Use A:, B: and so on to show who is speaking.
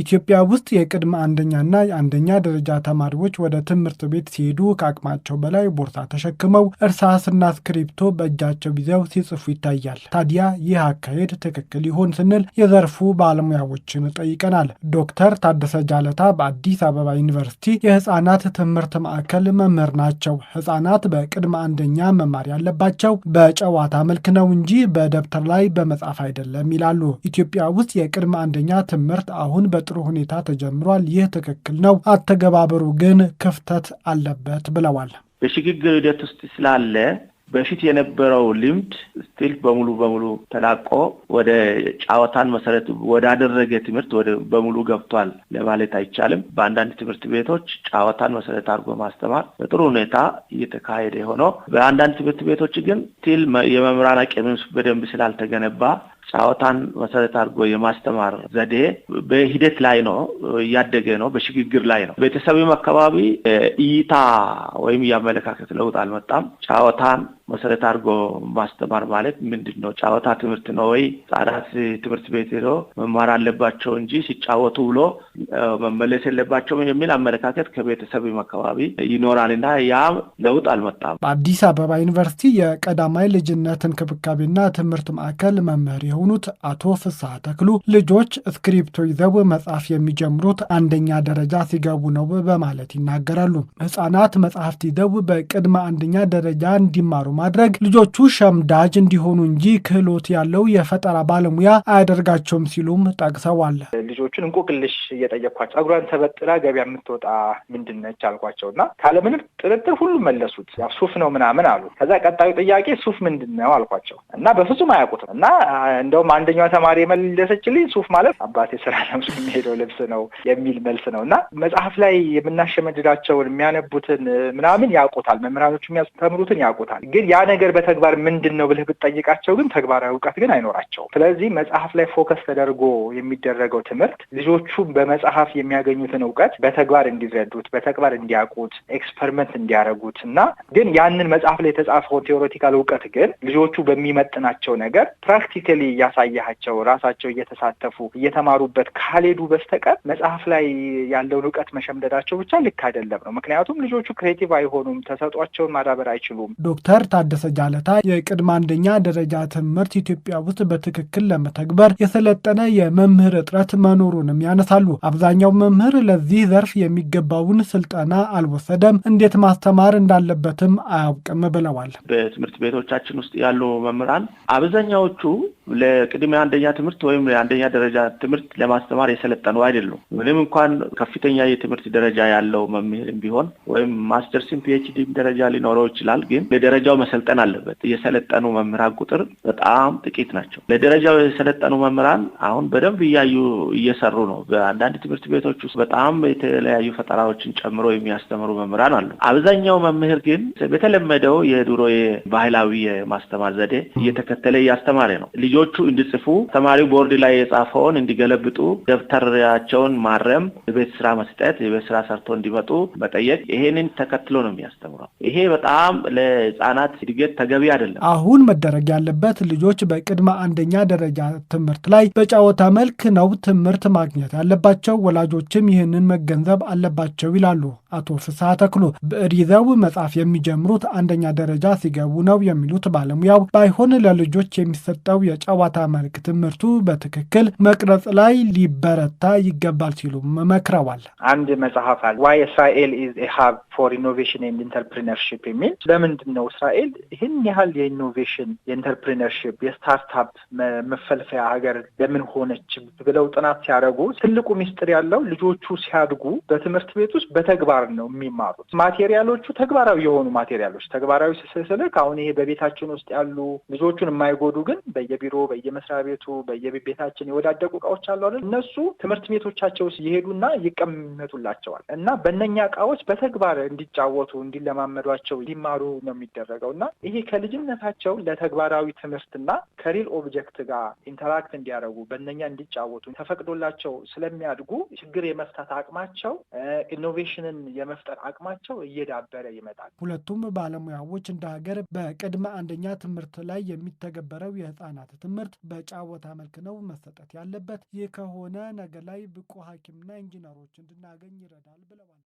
A: ኢትዮጵያ ውስጥ የቅድመ አንደኛና የአንደኛ ደረጃ ተማሪዎች ወደ ትምህርት ቤት ሲሄዱ ከአቅማቸው በላይ ቦርሳ ተሸክመው እርሳስና እስክሪብቶ በእጃቸው ይዘው ሲጽፉ ይታያል። ታዲያ ይህ አካሄድ ትክክል ይሆን ስንል የዘርፉ ባለሙያዎችን ጠይቀናል። ዶክተር ታደሰ ጃለታ በአዲስ አበባ ዩኒቨርሲቲ የህፃናት ትምህርት ማዕከል መምህር ናቸው። ህፃናት በቅድመ አንደኛ መማር ያለባቸው በጨዋታ መልክ ነው እንጂ በደብተር ላይ በመጻፍ አይደለም ይላሉ። ኢትዮጵያ ውስጥ የቅድመ አንደኛ ትምህርት አሁን በ በጥሩ ሁኔታ ተጀምሯል። ይህ ትክክል ነው። አተገባበሩ ግን ክፍተት አለበት ብለዋል።
B: በሽግግር ሂደት ውስጥ ስላለ በፊት የነበረው ልምድ ስቲል በሙሉ በሙሉ ተላቆ ወደ ጫወታን መሰረት ወዳደረገ ትምህርት ወደ በሙሉ ገብቷል ለማለት አይቻልም። በአንዳንድ ትምህርት ቤቶች ጫወታን መሰረት አድርጎ ማስተማር በጥሩ ሁኔታ እየተካሄደ ሆኖ፣ በአንዳንድ ትምህርት ቤቶች ግን ስቲል የመምህራን አቅም በደንብ ስላልተገነባ ጨዋታን መሰረት አድርጎ የማስተማር ዘዴ በሂደት ላይ ነው፣ እያደገ ነው፣ በሽግግር ላይ ነው። ቤተሰብም አካባቢ እይታ ወይም የአመለካከት ለውጥ አልመጣም። ጨዋታን መሰረት አድርጎ ማስተማር ማለት ምንድን ነው? ጨዋታ ትምህርት ነው ወይ? ህጻናት ትምህርት ቤት ሄደው መማር አለባቸው እንጂ ሲጫወቱ ብሎ መመለስ የለባቸውም የሚል አመለካከት ከቤተሰብም አካባቢ ይኖራልና ያ ለውጥ አልመጣም።
A: በአዲስ አበባ ዩኒቨርሲቲ የቀዳማይ ልጅነት እንክብካቤና ትምህርት ማዕከል መምህር የሆኑት አቶ ፍስሐ ተክሉ ልጆች እስክሪፕቶ ይዘው መጽሐፍ የሚጀምሩት አንደኛ ደረጃ ሲገቡ ነው በማለት ይናገራሉ። ህጻናት መጽሐፍት ይዘው በቅድመ አንደኛ ደረጃ እንዲማሩ በማድረግ ልጆቹ ሸምዳጅ እንዲሆኑ እንጂ ክህሎት ያለው የፈጠራ ባለሙያ አያደርጋቸውም ሲሉም ጠቅሰዋል።
B: ልጆቹን እንቆቅልሽ እየጠየኳቸው ጸጉሯን ተበጥራ ገበያ የምትወጣ ምንድን ነች አልኳቸው እና ካለምንም ጥርጥር ሁሉም መለሱት። ያው ሱፍ ነው ምናምን አሉ። ከዛ ቀጣዩ ጥያቄ ሱፍ ምንድን ነው አልኳቸው እና በፍጹም አያውቁትም እና እንደውም አንደኛዋ ተማሪ የመለሰችልኝ ሱፍ ማለት አባቴ ስራ ለብሶ የሚሄደው ልብስ ነው የሚል መልስ ነው እና መጽሐፍ ላይ የምናሸመድዳቸውን የሚያነቡትን ምናምን ያውቁታል፣ መምህራኖቹ የሚያስተምሩትን ያውቁታል ግን ግን ያ ነገር በተግባር ምንድን ነው ብለህ ብትጠይቃቸው ግን ተግባራዊ እውቀት ግን አይኖራቸው ስለዚህ መጽሐፍ ላይ ፎከስ ተደርጎ የሚደረገው ትምህርት ልጆቹ በመጽሐፍ የሚያገኙትን እውቀት በተግባር እንዲረዱት፣ በተግባር እንዲያውቁት፣ ኤክስፐሪመንት እንዲያደርጉት እና ግን ያንን መጽሐፍ ላይ የተጻፈውን ቴዎሬቲካል እውቀት ግን ልጆቹ በሚመጥናቸው ነገር ፕራክቲካሊ እያሳያቸው ራሳቸው እየተሳተፉ እየተማሩበት ካልሄዱ በስተቀር መጽሐፍ ላይ ያለውን እውቀት መሸምደዳቸው ብቻ ልክ አይደለም ነው። ምክንያቱም ልጆቹ ክሬቲቭ አይሆኑም፣ ተሰጧቸውን ማዳበር አይችሉም።
A: ዶክተር ታደሰ ጃለታ የቅድመ አንደኛ ደረጃ ትምህርት ኢትዮጵያ ውስጥ በትክክል ለመተግበር የሰለጠነ የመምህር እጥረት መኖሩንም ያነሳሉ። አብዛኛው መምህር ለዚህ ዘርፍ የሚገባውን ስልጠና አልወሰደም፣ እንዴት ማስተማር እንዳለበትም አያውቅም ብለዋል።
B: በትምህርት ቤቶቻችን ውስጥ ያሉ መምህራን አብዛኛዎቹ ለቅድመ አንደኛ ትምህርት ወይም የአንደኛ ደረጃ ትምህርት ለማስተማር የሰለጠኑ አይደሉም። ምንም እንኳን ከፍተኛ የትምህርት ደረጃ ያለው መምህርም ቢሆን ወይም ማስተርስም ፒኤችዲም ደረጃ ሊኖረው ይችላል። ግን ለደረጃው መሰልጠን አለበት። የሰለጠኑ መምህራን ቁጥር በጣም ጥቂት ናቸው። ለደረጃው የሰለጠኑ መምህራን አሁን በደንብ እያዩ እየሰሩ ነው። በአንዳንድ ትምህርት ቤቶች ውስጥ በጣም የተለያዩ ፈጠራዎችን ጨምሮ የሚያስተምሩ መምህራን አሉ። አብዛኛው መምህር ግን በተለመደው የድሮ የባህላዊ የማስተማር ዘዴ እየተከተለ እያስተማረ ነው። ልጆቹ እንዲጽፉ፣ ተማሪው ቦርድ ላይ የጻፈውን እንዲገለብጡ፣ ደብተራቸውን ማረም፣ የቤት ስራ መስጠት፣ የቤት ስራ ሰርቶ እንዲመጡ መጠየቅ፣ ይሄንን ተከትሎ ነው የሚያስተምረው። ይሄ በጣም ለህጻናት እድገት ተገቢ አይደለም።
A: አሁን መደረግ ያለበት ልጆች በቅድመ አንደኛ ደረጃ ትምህርት ላይ በጫወታ መልክ ነው ትምህርት ማግኘት ያለባቸው። ወላጆችም ይህንን መገንዘብ አለባቸው ይላሉ አቶ ፍስሐ ተክሎ። ብዕር ይዘው መጽሐፍ የሚጀምሩት አንደኛ ደረጃ ሲገቡ ነው የሚሉት ባለሙያው፣ ባይሆን ለልጆች የሚሰጠው ጨዋታ መልክ ትምህርቱ በትክክል መቅረጽ ላይ ሊበረታ ይገባል ሲሉም መክረዋል።
C: አንድ መጽሐፍ አለ ዋይ እስራኤል ኢዝ ሀብ ፎር ኢኖቬሽን ኤንድ ኢንተርፕሪነርሽፕ የሚል ለምንድን ነው እስራኤል ይህን ያህል የኢኖቬሽን የኢንተርፕሪነርሽፕ የስታርታፕ መፈልፈያ ሀገር ለምን ሆነች ብለው ጥናት ሲያደርጉ ትልቁ ሚስጥር ያለው ልጆቹ ሲያድጉ በትምህርት ቤት ውስጥ በተግባር ነው የሚማሩት። ማቴሪያሎቹ ተግባራዊ የሆኑ ማቴሪያሎች ተግባራዊ ስስልክ አሁን ይሄ በቤታችን ውስጥ ያሉ ልጆቹን የማይጎዱ ግን በየቢሮ በየመስሪያ ቤቱ በየቤታችን የወዳደቁ እቃዎች አሉ አይደል? እነሱ ትምህርት ቤቶቻቸው ይሄዱና ይቀመጡላቸዋል እና በእነኛ እቃዎች በተግባር እንዲጫወቱ፣ እንዲለማመዷቸው፣ እንዲማሩ ነው የሚደረገው እና ይሄ ከልጅነታቸው ለተግባራዊ ትምህርትና ከሪል ኦብጀክት ጋር ኢንተራክት እንዲያደርጉ በእነኛ እንዲጫወቱ ተፈቅዶላቸው ስለሚያድጉ ችግር የመፍታት አቅማቸው ኢኖቬሽንን የመፍጠር አቅማቸው እየዳበረ ይመጣል።
A: ሁለቱም ባለሙያዎች እንደ ሀገር በቅድመ አንደኛ ትምህርት ላይ የሚተገበረው የህፃናት ትምህርት በጫወታ መልክ ነው መሰጠት ያለበት። ይህ ከሆነ ነገ ላይ ብቁ ሐኪምና ኢንጂነሮች እንድናገኝ ይረዳል ብለዋል።